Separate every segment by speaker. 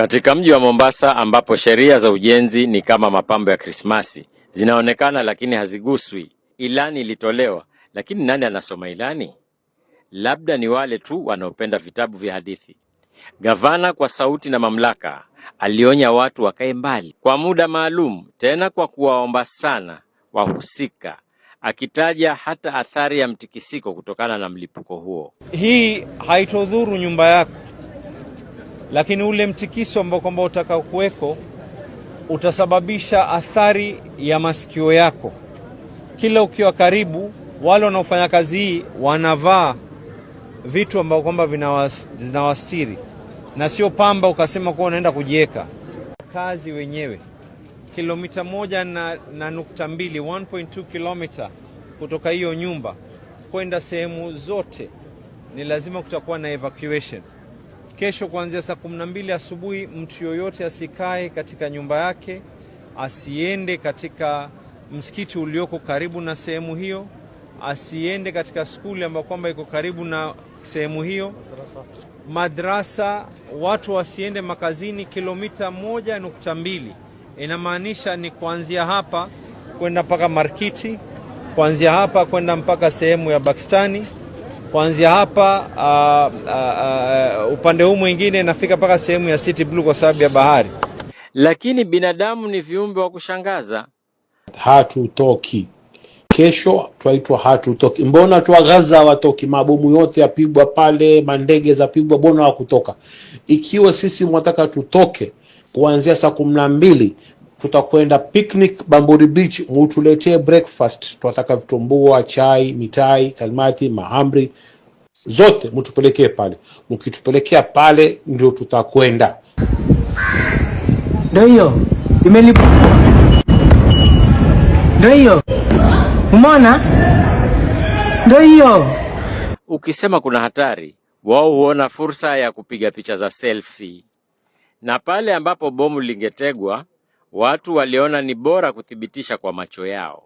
Speaker 1: Katika mji wa Mombasa ambapo sheria za ujenzi ni kama mapambo ya Krismasi, zinaonekana lakini haziguswi. Ilani ilitolewa, lakini nani anasoma ilani? Labda ni wale tu wanaopenda vitabu vya hadithi. Gavana kwa sauti na mamlaka alionya watu wakae mbali kwa muda maalum, tena kwa kuwaomba sana wahusika, akitaja hata athari ya mtikisiko kutokana na mlipuko huo.
Speaker 2: Hii haitodhuru nyumba yako lakini ule mtikiso ambao kwamba utakaokuweko utasababisha athari ya masikio yako. Kila ukiwa karibu, wale wanaofanya kazi hii wanavaa vitu ambao kwamba vinawastiri na sio pamba ukasema kuwa unaenda kujiweka. Kazi wenyewe kilomita moja na, na nukta mbili 1.2 kilomita kutoka hiyo nyumba kwenda sehemu zote, ni lazima kutakuwa na evacuation. Kesho kuanzia saa kumi na mbili asubuhi mtu yoyote asikae katika nyumba yake, asiende katika msikiti ulioko karibu na sehemu hiyo, asiende katika skuli ambayo kwamba iko karibu na sehemu hiyo, madrasa, watu wasiende makazini. Kilomita moja nukta mbili inamaanisha ni kuanzia hapa kwenda mpaka Markiti, kuanzia hapa kwenda mpaka sehemu ya Pakistani kuanzia hapa uh, uh, uh, upande huu mwingine nafika mpaka sehemu ya City Blue kwa sababu ya bahari.
Speaker 1: Lakini binadamu ni viumbe wa kushangaza.
Speaker 3: Hatutoki kesho, twaitwa hatutoki. Mbona tu Gaza watoki? Mabomu yote yapigwa pale, mandege zapigwa, mbona wakutoka? Ikiwa sisi mwataka tutoke kuanzia saa kumi na mbili tutakwenda picnic Bamburi Beach, mutuletee breakfast. Tunataka vitumbua, chai, mitai, kalmati, mahamri zote mutupelekee pale. Mkitupelekea pale, ndio tutakwenda. Ndio hiyo imelipuka, ndio hiyo umeona, ndio hiyo.
Speaker 1: Ukisema kuna hatari, wao huona fursa ya kupiga picha za selfie, na pale ambapo bomu lingetegwa Watu waliona ni bora kuthibitisha kwa macho yao.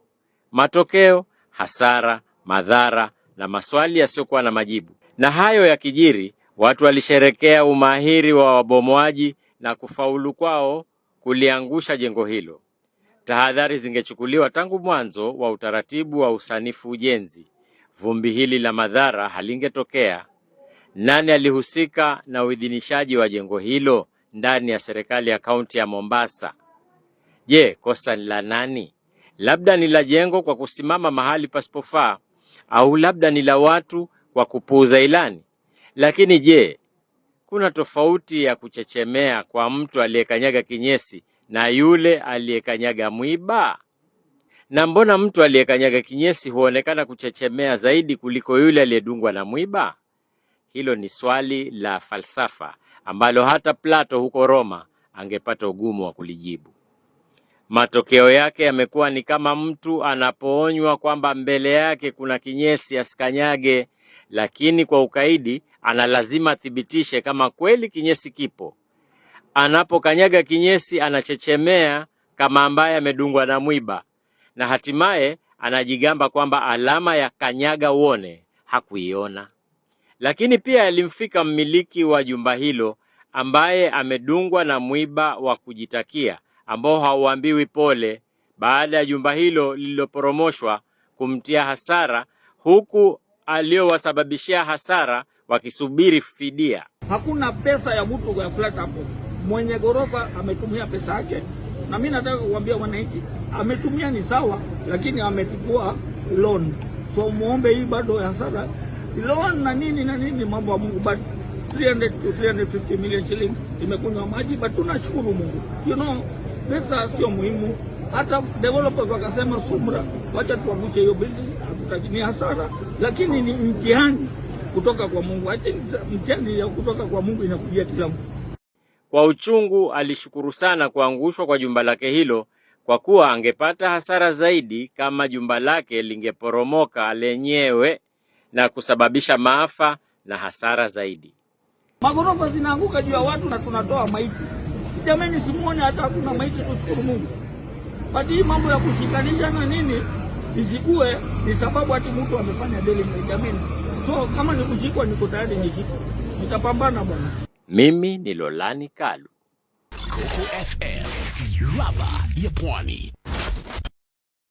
Speaker 1: Matokeo, hasara, madhara na maswali yasiyokuwa na majibu. Na hayo yakijiri, watu walisherekea umahiri wa wabomoaji na kufaulu kwao kuliangusha jengo hilo. Tahadhari zingechukuliwa tangu mwanzo wa utaratibu wa usanifu ujenzi, vumbi hili la madhara halingetokea. Nani alihusika na uidhinishaji wa jengo hilo ndani ya serikali ya kaunti ya Mombasa? Je, kosa ni la nani? Labda ni la jengo kwa kusimama mahali pasipofaa, au labda ni la watu kwa kupuuza ilani. Lakini je, kuna tofauti ya kuchechemea kwa mtu aliyekanyaga kinyesi na yule aliyekanyaga mwiba? Na mbona mtu aliyekanyaga kinyesi huonekana kuchechemea zaidi kuliko yule aliyedungwa na mwiba? Hilo ni swali la falsafa ambalo hata Plato huko Roma angepata ugumu wa kulijibu. Matokeo yake yamekuwa ni kama mtu anapoonywa kwamba mbele yake kuna kinyesi asikanyage, lakini kwa ukaidi ana lazima athibitishe kama kweli kinyesi kipo. Anapokanyaga kinyesi anachechemea kama ambaye amedungwa na mwiba, na hatimaye anajigamba kwamba alama ya kanyaga uone hakuiona. Lakini pia alimfika mmiliki wa jumba hilo ambaye amedungwa na mwiba wa kujitakia ambao hauambiwi pole baada ya jumba hilo lililoporomoshwa kumtia hasara, huku aliyowasababishia hasara wakisubiri fidia.
Speaker 4: Hakuna pesa ya mtu ya flat hapo, mwenye ghorofa ametumia pesa yake, na mimi nataka kuambia wananchi, ametumia ni sawa, lakini amechukua loan, so muombe hii bado hasara loan na nini na nini, mambo ya Mungu but 300 to 350 million shilling imekunywa maji, but tunashukuru Mungu you know pesa sio muhimu. Hata developers wakasema SUMRA, wacha tuangushe hiyo bili, ni hasara, lakini ni mtihani kutoka kwa Mungu. Acha mtihani ya kutoka kwa Mungu inakujia kila mtu.
Speaker 1: Kwa uchungu alishukuru sana kuangushwa kwa jumba lake hilo, kwa kuwa angepata hasara zaidi kama jumba lake lingeporomoka lenyewe na kusababisha maafa na hasara zaidi.
Speaker 4: Magorofa zinaanguka juu ya watu na tunatoa maiti jamani, simuone hata hakuna maiti, tushukuru Mungu. Basi hii mambo ya kushikanisha na nini isikue ni sababu hati mtu amefanya delivery. Jamani, so kama kushikwa, niko tayari nishikwe, nitapambana bwana.
Speaker 1: Mimi ni Lolani Kalu, Coco FM, ladha ya Pwani.